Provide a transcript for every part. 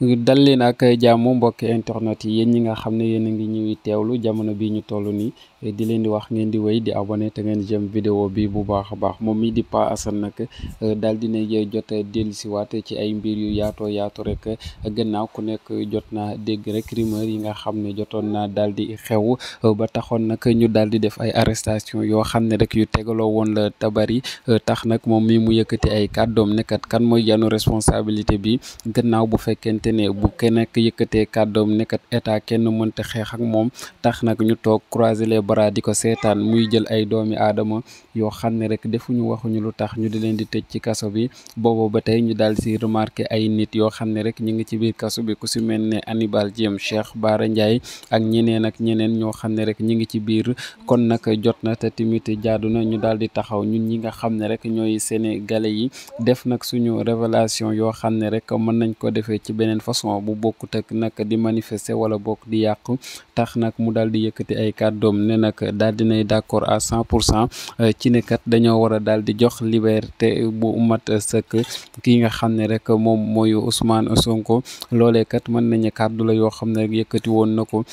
dal leen ak jàmm mbokki internet yi yéen ñi nga xam ne yéen a ngi ñuy teewlu jamono bi ñu toll nii di leen di wax ngeen di wéy di abonné te ngeen jëm vidéo bi bu baax a baax moom mi di Pa Assane nag daal ne jot dellusiwaat ci ay mbir yu yaatoo yaatu rek gannaaw ku nekk jot naa dégg rek yi nga xam ne jotoon naa daal di xew ba taxoon nag ñu daal di def ay arrestation yoo xam ne rek yu tegaloo woon la tabari tax nag moom mi mu yëkkati ay kàddoom nekkat kan mooy yanu responsabilité bi xamante ne bu kenn ku yëkkatee kàddoom nekkat état kenn mënta xeex ak moom tax nag ñu toog croiser les bras di ko seetaan muy jël ay doomi aadama yoo xam ne rek defuñu waxuñu lu tax ñu di leen di tëj ci kaso bi boobu ba tey ñu daal si remarqué ay nit yoo xam ne rek ñu ngi ci biir kaso bi si mel ne Hannibal Djim Cheikh Bara Ndiaye ak ñeneen ak ñeneen ñoo xam ne rek ñu ngi ci biir kon nag jot na te tamit jaadu na ñu daal di taxaw ñun ñi nga xam ne rek ñooy sénégalais yi def nag suñu révélation yoo xam ne rek mën nañ ko defee ci beneen façon bu bokkut ak nag di manifester wala bokk di yàqu tax nag mu daal di yëkkati ay kàddoom ne nag daal di nay d'accord à cent pour cent euh, ci ne kat dañoo war a daal di jox liberté bu mat sëkk ki nga xam ne rek moom mooy Ousmane Sonko loolee kat mën nañu kàddu la yoo xam ne rek yëkkati woon na ko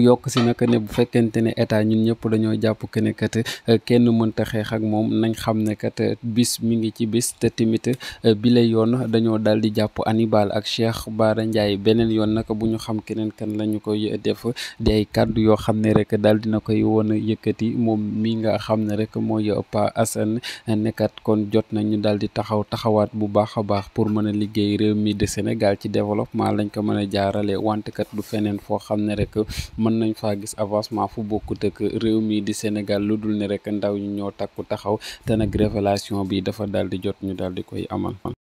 yokk si nag ne bu fekkente ne état ñun ñëpp dañoo jàpp que ne kat euh, kenn mënta xeex ak moom nañ xam ne kat euh, bis mi ngi ci bis te timit euh, bi lay yoon dañoo daal di jàpp Hannibal ak Cheikh Bara Ndiaye beneen yoon nag bu ñu xam keneen kenn lañu koy def di ay kàddu yoo xam ne rek daal na koy woon a yëkkati moom mii nga xam ne rek mooy Pa Assane nekkat kon jot na ñu daal di taxaw taxawaat bu baax a baax pour mën a liggéey réew mi de Sénégal ci développement lañ ko mën a jaarale wante du feneen foo xam ne rek. mën nañu faa gis avancement fu bokkut ak réew mi di Sénégal lu dul ne rek ndaw ñi ñoo takku taxaw te nag révélation bi dafa daal di jot ñu daal di koy amal.